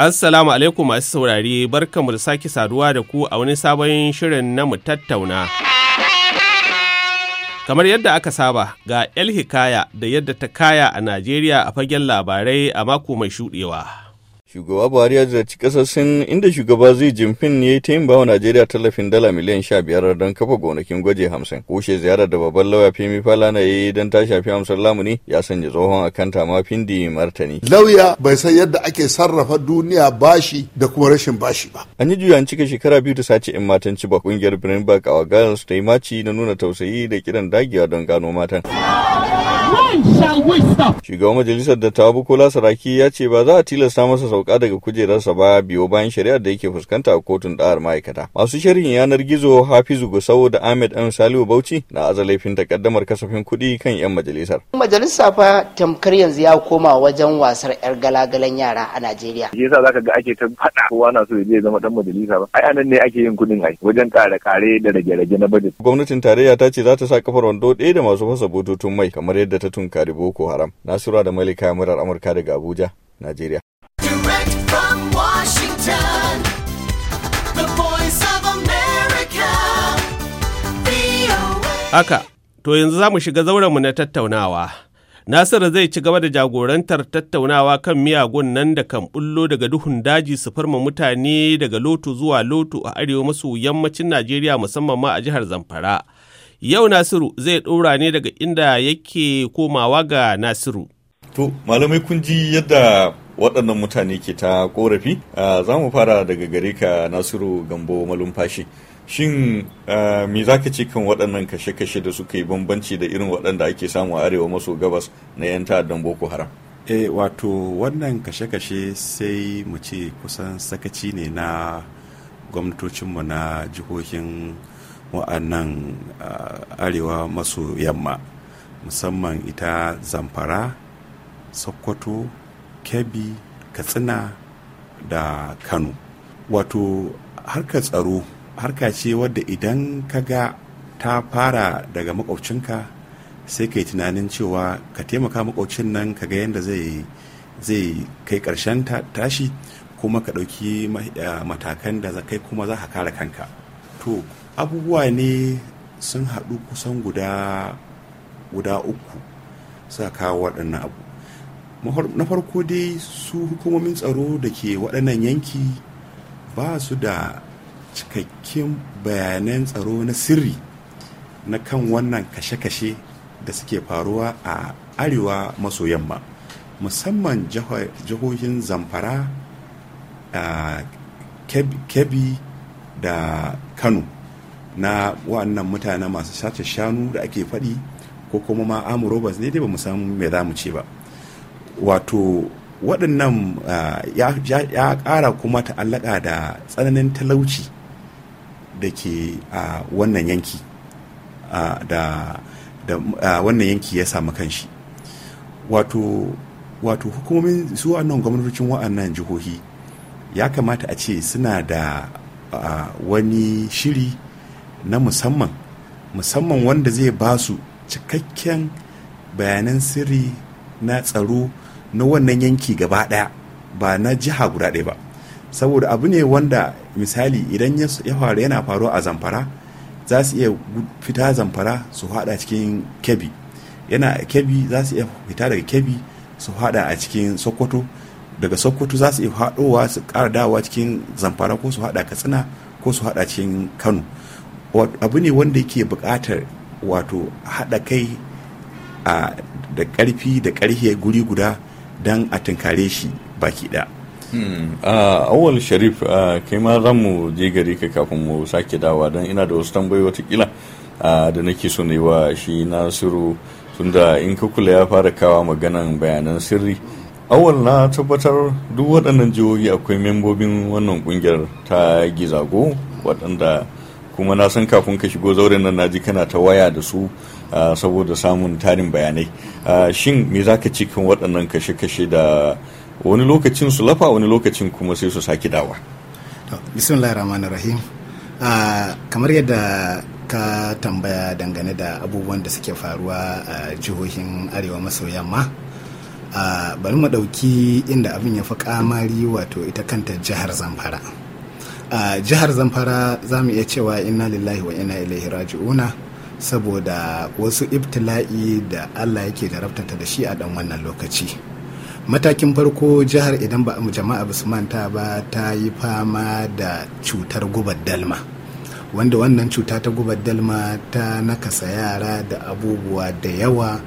Assalamu alaikum masu saurari barkamu da sake saduwa da ku a wani sabon shirin na mu tattauna. Kamar yadda aka saba ga El Hikaya da yadda ta kaya a Najeriya a fagen labarai a mako mai shuɗewa. Shugaba Buhari ya ziyarci ƙasar Sin inda shugaba zai Jinping ya yi ta yin bawa Najeriya tallafin dala miliyan sha biyar don kafa gonakin gwaje hamsin. Kushe ziyarar da babban lauya Femi Falana ya yi don ta shafi amsar lamuni ya sanya tsohon akanta ma Findi martani. Lauya bai san yadda ake sarrafa duniya bashi da kuma rashin bashi ba. An yi juyan cika shekara biyu da sace in matan ci ba ƙungiyar Birnin Bak a Wagals ta yi maci na nuna tausayi da kiran dagewa don gano matan. Shugaban majalisar dattawa Bukola Saraki ya ce ba za a tilasta masa sauka daga kujerarsa ba biyo bayan shari'ar da yake fuskanta a kotun ɗa'ar ma'aikata. Masu sharhin yanar gizo Hafizu Gusau da Ahmed M Salihu Bauchi na aza laifin takaddamar kasafin kuɗi kan 'yan majalisar. Majalisa fa tamkar yanzu ya koma wajen wasar 'yar galagalan yara a Najeriya. Shi yasa ka ga ake ta faɗa kowa na so ya zama dan majalisa ba. Ai anan ne ake yin kuɗin ai wajen kare-kare da rage-rage na bajet. Gwamnatin tarayya ta ce za ta sa kafar wando ɗaya da masu fasa bututun mai kamar yadda ta tunkari Boko Haram. Nasura da Malika murar Amurka daga Abuja, Najeriya. Haka, to yanzu za mu shiga zauren mu na tattaunawa. Nasiru zai ci gaba da jagorantar tattaunawa kan miyagun nan da kan bullo daga duhun daji su farma mutane daga loto zuwa loto a arewa maso yammacin Najeriya musamman ma a jihar Zamfara. Yau Nasiru zai ɗora ne daga inda yake komawa ga Nasiru. To, malamai kun ji yadda waɗannan mutane ke ta ƙorafi, za mu fara daga gare ka Nasiru Gambo Malumfashi. Shin me za ka ce kan waɗannan kashe-kashe da suka yi bambanci da irin waɗanda ake samu arewa maso gabas na 'yan ta'addan Boko Haram? E, wato wannan kashe-kashe sai mu ce kusan sakaci ne na gwamnatocinmu na jihohin wa'annan arewa maso yamma musamman ita zamfara sokoto kebbi katsina da kano wato harka tsaro harka ce wadda idan ka ga ta fara daga makwabcinka sai ka yi tunanin cewa ka taimaka makwabcin nan ka ga yadda zai zai kai ƙarshen tashi kuma ka ɗauki matakan da kai kuma za ka kare kanka to abubuwa ne sun haɗu kusan guda guda uku sa kawo waɗannan abu na farko dai su hukumomin tsaro da ke waɗannan yanki ba su da cikakken bayanan tsaro na sirri na kan wannan kashe-kashe da suke faruwa a arewa maso yamma musamman jihohin zamfara ah, kebbi da kano na wa'annan mutane masu sace shanu da ake faɗi ko kuma ma amurobas ne dai ba mu san me za mu ce ba wato waɗannan ya ƙara kuma ta'allaka da tsananin talauci da ke a wannan yanki da wannan yanki ya samu kanshi wato wato hukumomin su wannan gwamnatocin wa'annan jihohi ya kamata a ce suna da wani shiri na musamman musamman wanda zai ba su cikakken bayanan sirri na tsaro na wannan yanki gaba ɗaya ba na jiha guda ɗaya ba saboda abu ne wanda misali idan ya faru yana faruwa a zamfara za su iya fita zamfara su hada cikin kebi yana kebi za su iya fita daga kebi su hada a cikin sokoto daga sokoto za su iya hadowa su ƙara dawowa cikin zamfara ko su hada katsina ko su hada cikin kano abu ne wanda yake buƙatar wato haɗa kai a da ƙarfi da ƙarhe guri guda don a tunkare shi baki ɗaya hmm. awal sharif kai ma za mu je gare ka kafin mu sake dawa don ina da wasu tambayi watakila da nake so ne wa shi nasiru tunda in ka kula ya fara kawa maganan bayanan sirri awal na tabbatar duk waɗannan jihohi akwai membobin wannan kungiyar ta gizago waɗanda kuma na san kafin ka shigo zauren nan naji kana ta waya da su saboda samun tarin bayanai shin me za ka ci kan waɗannan kashe-kashe da wani lokacin su lafa wani lokacin kuma sai su sake dawa bismillahir rahmanir rahim kamar yadda ka tambaya dangane da abubuwan da suke faruwa a jihohin arewa maso yamma bari mu ɗauki inda abin ya fi kamari wato ita kanta jihar zamfara a jihar zamfara za mu iya cewa inna lillahi wa inna ilaihi raji'una saboda wasu ibtila'i da allah yake jarabtata da shi a dan wannan lokaci matakin farko jihar idan ba mu jama'a ba su manta ba ta yi fama da cutar gubar dalma wanda wannan cuta ta gubar dalma ta nakasa yara da abubuwa da yawa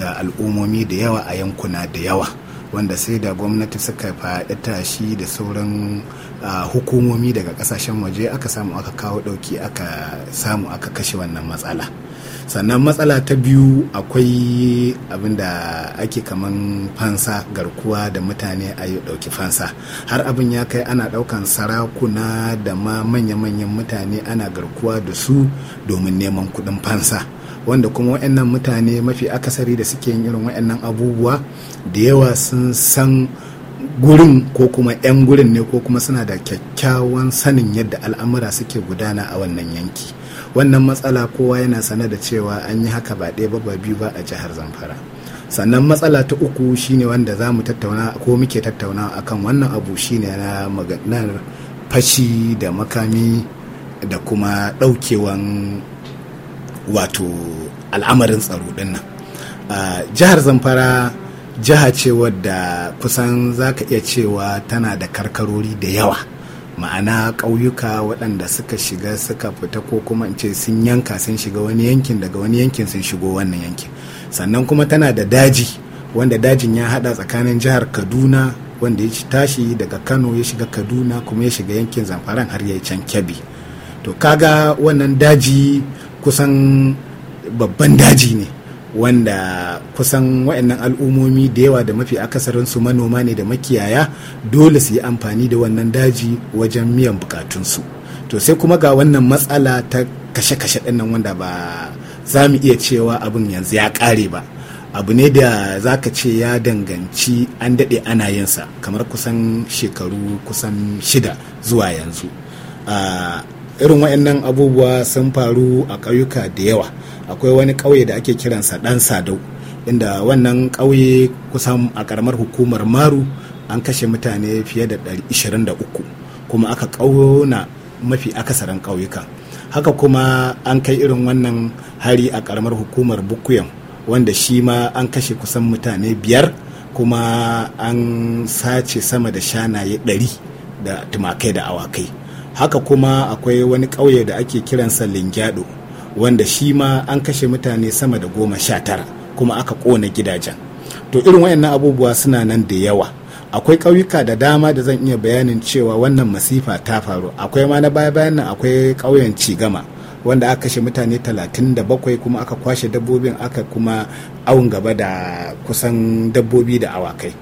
da al'ummomi da yawa a yankuna da yawa wanda sai da gwamnati suka faɗi tashi da sauran hukumomi daga kasashen waje aka samu aka kawo ɗauki aka samu aka kashe wannan matsala sannan matsala ta biyu akwai abin da ake kaman fansa garkuwa da mutane a yi ɗauki fansa har abin ya kai ana ɗaukan sarakuna da ma manya-manyan mutane ana garkuwa da su domin neman kuɗin fansa wanda kuma wa'annan mutane mafi akasari da suke yin irin wa'annan abubuwa da yawa sun san gurin ko kuma 'yan gurin ne ko kuma suna da kyakkyawan sanin yadda al'amura suke gudana a wannan yanki wannan matsala kowa yana sane da cewa an yi haka ba ɗaya ba biyu ba a jihar zamfara sannan matsala ta uku shine wanda za mu tattauna ko muke tattauna akan wannan abu shine na maganar fashi da makami da kuma ɗaukewan wato al'amarin tsaro din nan jihar zamfara jiha ce wadda kusan za ka iya cewa tana da karkarori da yawa ma'ana ƙauyuka waɗanda suka shiga suka fita ko kuma in ce sun yanka sun shiga wani yankin daga wani yankin sun shigo wannan yankin sannan kuma tana da daji wanda dajin ya haɗa tsakanin jihar kaduna wanda ya tashi daga kano ya shiga kaduna kuma ya shiga yankin zamfara har ya can kebbi to kaga wannan daji kusan babban daji ne wanda kusan wa'annan al'ummomi da yawa da mafi akasarinsu manoma ne da makiyaya dole su yi amfani da wannan daji wajen miyan bukatunsu to sai kuma ga wannan matsala ta kashe-kashe nan wanda ba za mu iya cewa abin yanzu ya ƙare ba abu ne da za ka ce ya danganci an daɗe ana yinsa kamar kusan shekaru kusan shida zuwa yanzu ah, irin wayannan abubuwa sun faru a ƙauyuka da yawa akwai wani ƙauye da ake kiransa ɗan sadau inda wannan ƙauye kusan a ƙaramar hukumar maru an kashe mutane fiye da 23 kuma aka ƙauna mafi akasarin ƙauyuka haka kuma an kai irin wannan hari a ƙaramar hukumar bukuyan wanda shi ma an kashe kusan mutane biyar kuma an sace sama da shanaye ɗari da tumakai da awakai haka kuma akwai wani ƙauye da ake kiransa lingyado wanda shi ma an kashe mutane sama da goma sha tara kuma aka ƙona gidajen to irin wayannan abubuwa suna nan da yawa akwai ƙauyuka da dama da zan iya bayanin cewa wannan masifa ta faru akwai ma na baya bayan nan akwai ƙauyen cigama wanda aka kashe mutane 37 kuma aka kwashe dabbobin aka kuma awun gaba da kusan dabbobi da awakai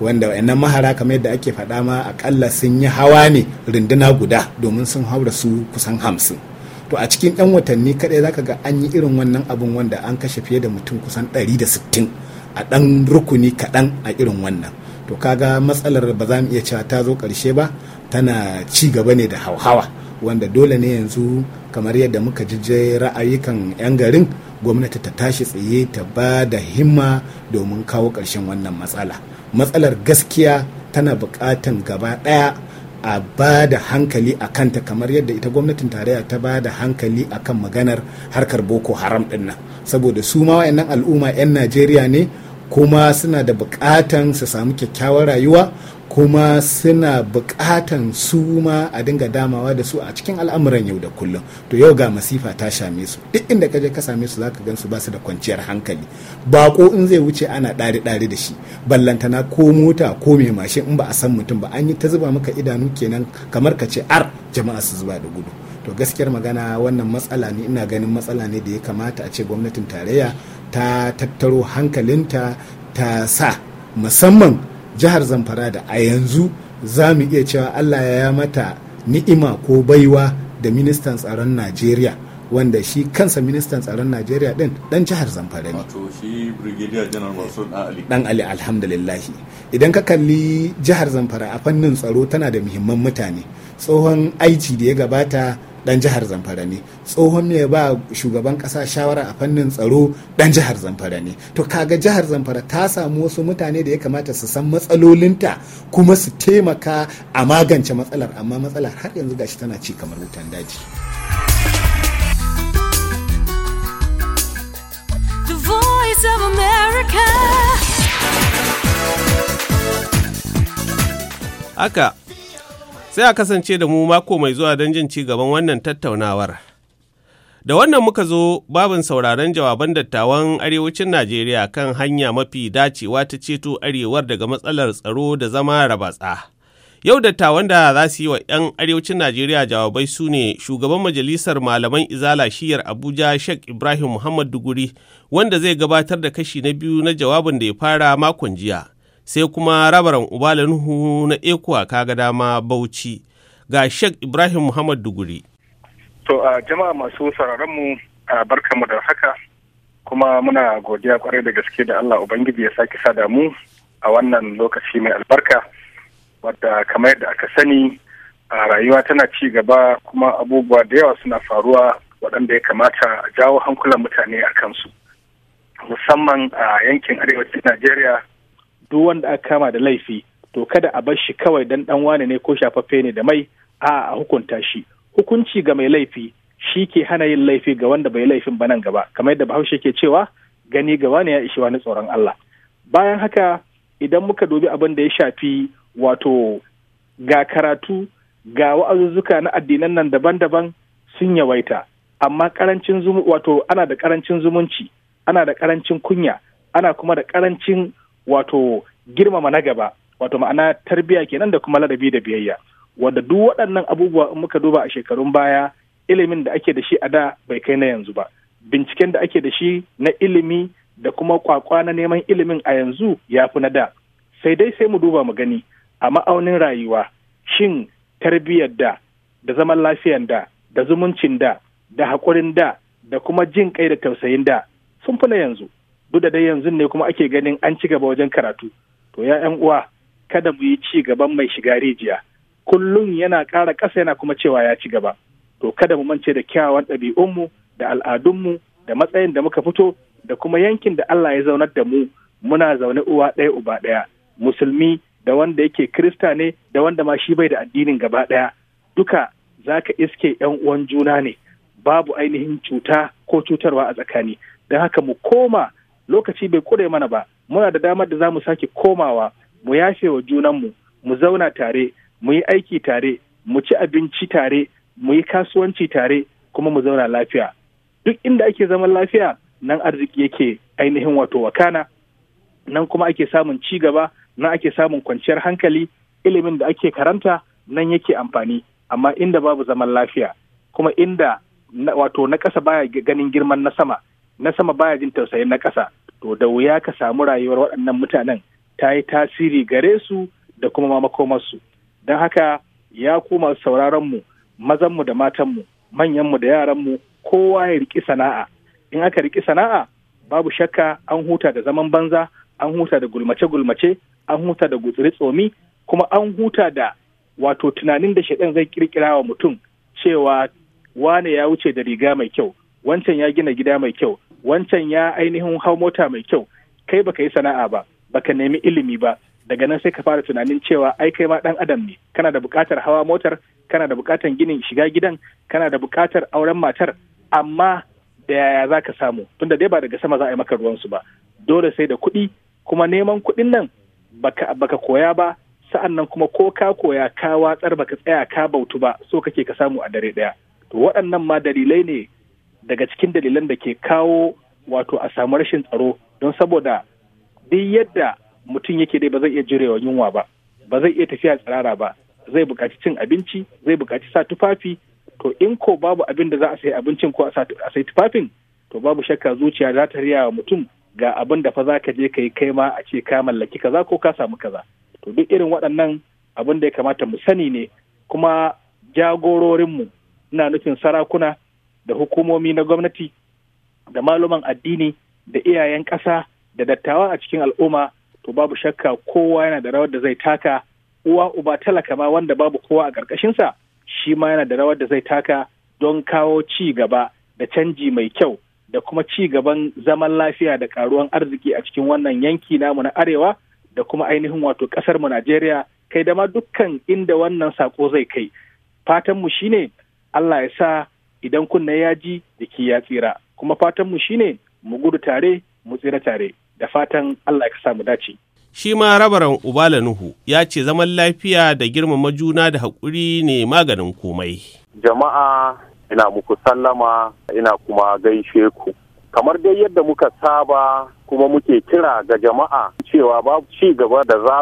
wanda wayannan mahara kamar yadda ake faɗa ma akalla sun yi hawa ne runduna guda domin sun haura su kusan hamsin to a cikin ɗan watanni kaɗai zaka ga an yi irin wannan abun wanda an kashe fiye da mutum kusan 160 a ɗan rukuni kaɗan a irin wannan to kaga matsalar ba za mu iya cewa ta zo ƙarshe ba tana ci gaba ne da hauhawa wanda dole ne yanzu kamar yadda muka jije ra'ayikan 'yan garin gwamnati ta tashi tsaye ta ba da himma domin kawo ƙarshen wannan matsala matsalar gaskiya tana bukatan gaba ɗaya a ba da hankali a kanta kamar yadda ita gwamnatin tarayya ta ba da hankali a kan maganar harkar boko haram dinnan saboda su ma wayannan al'umma 'yan najeriya ne kuma suna da bukatan su samu kyakkyawar rayuwa kuma suna bukatan su ma a dinga damawa da su a cikin al'amuran yau da kullum to yau ga masifa ta same su duk inda kaje ka same su zaka gan su ba su da kwanciyar hankali bako in zai wuce ana ɗari ɗari da shi ballantana ko mota ko mai mashin in ba a san mutum ba an yi ta zuba maka idanu kenan kamar ka ce ar jama'a su zuba da gudu to gaskiyar magana wannan matsala ne ina ganin matsala ne da ya kamata a ce gwamnatin tarayya ta tattaro hankalinta ta sa musamman jihar zamfara da a yanzu za mu iya cewa allah ya mata ni'ima ko baiwa da ministan tsaron najeriya wanda shi kansa ministan tsaron najeriya din dan jihar zamfara ne dan ali alhamdulillahi idan ka kalli jihar zamfara a fannin tsaro tana da muhimman mutane tsohon aiki da ya gabata dan jihar zamfara ne tsohon ne ba shugaban kasa shawara a fannin tsaro dan jihar zamfara ne to kaga jihar zamfara ta samu wasu mutane da ya kamata su san matsalolinta kuma su taimaka a magance matsalar amma matsalar har yanzu gashi tana ci kamar wutan daji Haka sai a kasance da mu mako mai zuwa don jin ci gaban wannan tattaunawar. Da wannan muka zo babin sauraron jawaban dattawan arewacin Najeriya kan hanya mafi dacewa ta ceto arewar daga matsalar tsaro da zama rabatsa. Yau dattawan da za su yi wa 'yan arewacin Najeriya jawabai su ne shugaban majalisar malaman izala shiyar Abuja Sheikh Ibrahim Muhammad Duguri wanda zai gabatar da kashi na biyu na jawabin da ya fara makon jiya. sai kuma rabaran ubala nuhu na ekuwa kaga dama bauchi ga shek ibrahim muhammad duguri to a jama'a masu sauraron mu a mu da haka kuma muna godiya kwarai da gaske da allah ubangiji ya sake sada mu a wannan lokaci mai albarka wadda kamar yadda aka sani a rayuwa tana ci gaba kuma abubuwa da yawa suna faruwa waɗanda ya kamata a jawo hankulan mutane a kansu musamman a yankin arewacin najeriya duk wanda aka kama da laifi to kada a bar shi kawai dan dan wane ne ko shafaffe ne da mai a a hukunta shi hukunci ga mai laifi shi ke hana yin laifi ga wanda bai laifin ba nan gaba kamar yadda bahaushe ke cewa gani ga wane ya ishi wani tsoron Allah bayan haka idan muka dubi abin da ya shafi wato ga karatu ga wa'azuzzuka na addinan nan daban-daban sun yawaita amma karancin wato ana da karancin zumunci ana da karancin kunya ana kuma da karancin wato girmama na gaba wato ma'ana tarbiyya kenan da kuma ladabi da biyayya wanda duk waɗannan abubuwa in muka duba a shekarun baya ilimin da ake da shi a da bai kai na yanzu ba binciken da ake da shi na ilimi da kuma kwakwa na neman ilimin a yanzu ya fi na da sai dai sai mu duba mu gani a ma'aunin rayuwa shin tarbiyyar da da zaman lafiyar da da zumuncin da da haƙurin da da kuma jin kai da tausayin da sun fi na yanzu duk da dai yanzu ne kuma ake ganin an ci gaba wajen karatu to ya yan uwa kada mu yi ci gaban mai shiga rijiya kullum yana ƙara ƙasa yana kuma cewa ya ci gaba to kada mu mance da kyawawan ɗabi'unmu da al'adunmu da matsayin da muka fito da kuma yankin da Allah ya zaunar da mu muna zaune uwa ɗaya uba ɗaya musulmi da wanda yake krista ne da wanda ma shi bai da addinin gaba ɗaya duka za ka iske yan uwan juna ne babu ainihin cuta ko cutarwa a tsakani don haka mu koma lokaci bai kure mana ba muna da damar da za mu sake komawa mu yafe wa junanmu mu zauna tare mu yi aiki tare mu ci abinci tare mu yi kasuwanci tare kuma mu zauna lafiya duk inda ake zaman lafiya nan arziki yake ainihin wato wakana nan kuma ake samun ci gaba nan ake samun kwanciyar hankali ilimin da ake karanta nan yake amfani amma inda babu zaman lafiya kuma inda wato na ƙasa baya ganin girman na sama na sama baya jin tausayin na ƙasa to da wuya ka samu rayuwar waɗannan mutanen ta yi tasiri gare su da kuma makomarsu don haka ya kuma sauraronmu mazanmu da matanmu manyanmu da yaranmu kowa ya riki sana'a in aka riki sana'a babu shakka an huta da zaman banza an huta da gulmace gulmace an huta da gutsiri tsomi kuma an huta da wato tunanin da shaɗan zai ƙirƙira wa mutum cewa wane ya wuce da riga mai kyau wancan ya gina gida mai kyau wancan ya ainihin hau mota mai kyau kai baka yi sana'a ba baka nemi ilimi ba daga nan sai ka fara tunanin cewa ai kai ma dan adam ne kana da bukatar hawa motar kana da bukatar ginin shiga gidan kana da bukatar auren matar amma da yaya za ka samu tunda dai ba daga sama za a yi maka ruwansu ba dole sai da kuɗi kuma neman kuɗin nan baka, baka koya ba sa'an nan kuma ko ka koya ka watsar baka tsaya ka bautu ba so kake ka samu a dare ɗaya to waɗannan ma dalilai ne daga cikin dalilan da ke kawo wato a samu rashin tsaro don saboda duk yadda mutum yake dai ba zai iya jurewa yunwa ba ba zai iya tafiya tsirara ba zai buƙaci cin abinci zai buƙaci sa tufafi to in ko babu abin da za a sayi abincin ko a sai tufafin to babu shakka zuciya za ta riya wa mutum ga abin da fa za ka je ka yi kai ma a ce ka mallaki kaza ko ka samu kaza to duk irin waɗannan abin da ya kamata mu sani ne kuma jagororinmu ina nufin sarakuna da hukumomi na gwamnati da maluman addini da iyayen ƙasa da dattawa a cikin al'umma to babu shakka kowa yana da rawar da zai taka uwa uba talaka wanda babu kowa a ƙarƙashinsa shi ma yana da rawar da zai taka don kawo ci gaba da canji mai kyau da kuma ci gaban zaman lafiya da karuwan arziki a cikin wannan yanki namu na arewa da kuma ainihin wato ƙasarmu mu Najeriya kai da ma dukkan inda wannan sako zai kai Fatanmu shi shine Allah ya sa idan kunna ya ji jiki ya tsira kuma fatanmu shine mu gudu tare mu tsira tare da fatan Allah ya sa mu dace shi ma rabaran ubala nuhu ya ce zaman lafiya da girmama juna da haƙuri ne maganin komai jama'a ina muku sallama ina kuma gaishe ku kamar dai yadda muka saba kuma muke kira ga jama'a cewa babu ci gaba da za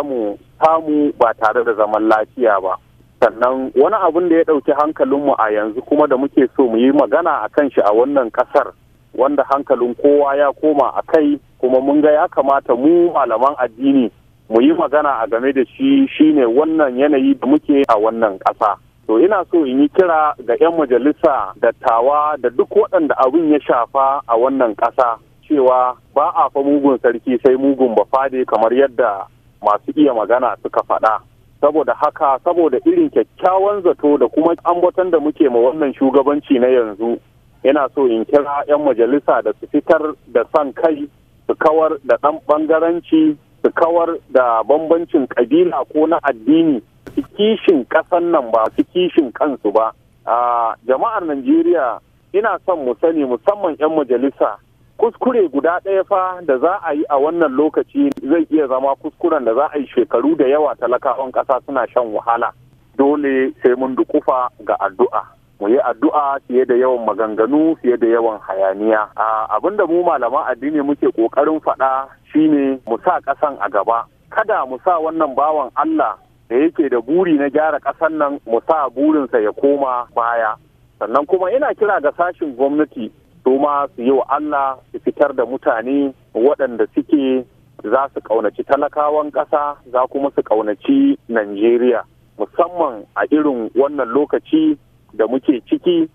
samu ba tare da zaman lafiya ba sannan wani abin da ya ɗauki hankalinmu a yanzu kuma da muke so mu yi magana a kan shi a wannan ƙasar wanda hankalin kowa ya koma a kai kuma mun ga ya kamata mu malaman addini mu yi magana a game da shi shine wannan yanayi da muke a wannan ƙasa. To ina so in yi kira ga 'yan majalisa dattawa da duk waɗanda abin ya shafa a wannan ƙasa cewa ba a fa mugun sarki sai mugun ba bafade kamar yadda masu iya magana suka faɗa. saboda haka saboda irin kyakkyawan zato da kuma ambaton da muke ma wannan shugabanci na yanzu Ina so in kira 'yan majalisa da su fitar da san kai su kawar da ɗan ɓangaranci su kawar da bambancin kabila ko na addini su kishin ƙasan nan ba su kishin kansu ba a ah, jama'ar najeriya ina son mu sani musamman 'yan majalisa kuskure guda ɗaya fa da za a yi a wannan lokaci zai iya zama kuskuren da za a yi shekaru da yawa talakawan ƙasa suna shan wahala dole sai mun dukufa ga addu'a mu yi addu'a fiye da yawan maganganu fiye da yawan hayaniya abin da mu malaman addini muke ƙoƙarin faɗa shine mu sa ƙasan a gaba kada mu sa wannan bawan Allah da yake da buri na gyara ƙasan nan mu sa burinsa ya koma baya sannan kuma ina kira ga sashin gwamnati su su yi wa Allah su fitar da mutane waɗanda suke za su ƙaunaci talakawan ƙasa za kuma su ƙaunaci Najeriya musamman a irin wannan lokaci da muke ciki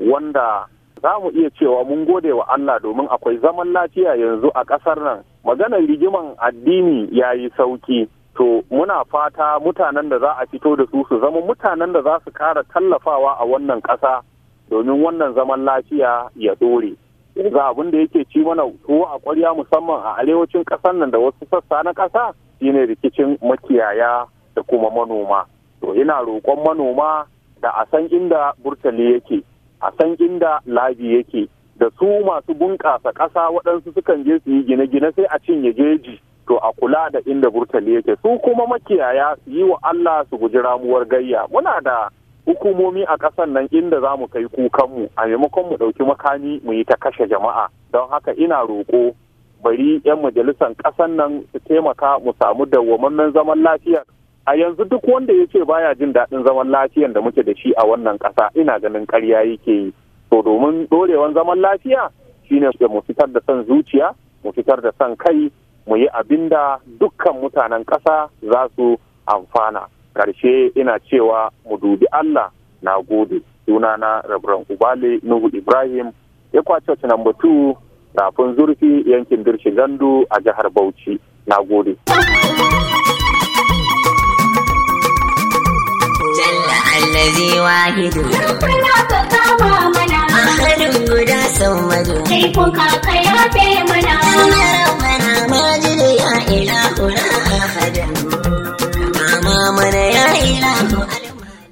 wanda za mu iya cewa mun gode wa Allah domin akwai zaman lafiya yanzu a ƙasar nan maganar rigiman addini ya yi sauki to muna fata mutanen da za a fito da su su zama mutanen da za su kara tallafawa a wannan ƙasa domin wannan zaman lafiya ya dore yanzu abin da yake ci mana tuwo a kwarya musamman a arewacin ƙasar nan da wasu sassa na ƙasa shine rikicin makiyaya da kuma manoma to ina roƙon manoma da a san inda burtali yake a san inda labi yake da su masu bunƙasa ƙasa waɗansu sukan je su yi gine-gine sai a cinye jeji to a kula da inda burtali yake su kuma makiyaya su yi wa Allah su guji ramuwar gayya muna da hukumomi a ƙasan nan inda za mu kai kukanmu a maimakon mu ɗauki makami mu yi ta kashe jama'a don haka ina roƙo bari 'yan majalisan ƙasan nan su taimaka mu samu dawwamammen zaman lafiya a yanzu duk wanda ya ce baya jin daɗin zaman lafiyan da muke da shi a wannan ƙasa ina ganin ƙarya yake yi to domin ɗorewan zaman lafiya shine mu fitar da son zuciya mu fitar da son kai mu yi abin da dukkan mutanen ƙasa za su amfana karshe ina cewa mu dubi Allah na gode sunana rabran ubale nuhu ibrahim ya kwace ci namba 2 rafin zurfi yankin dirshin gandu a jihar bauchi na gode الذي واحد mana.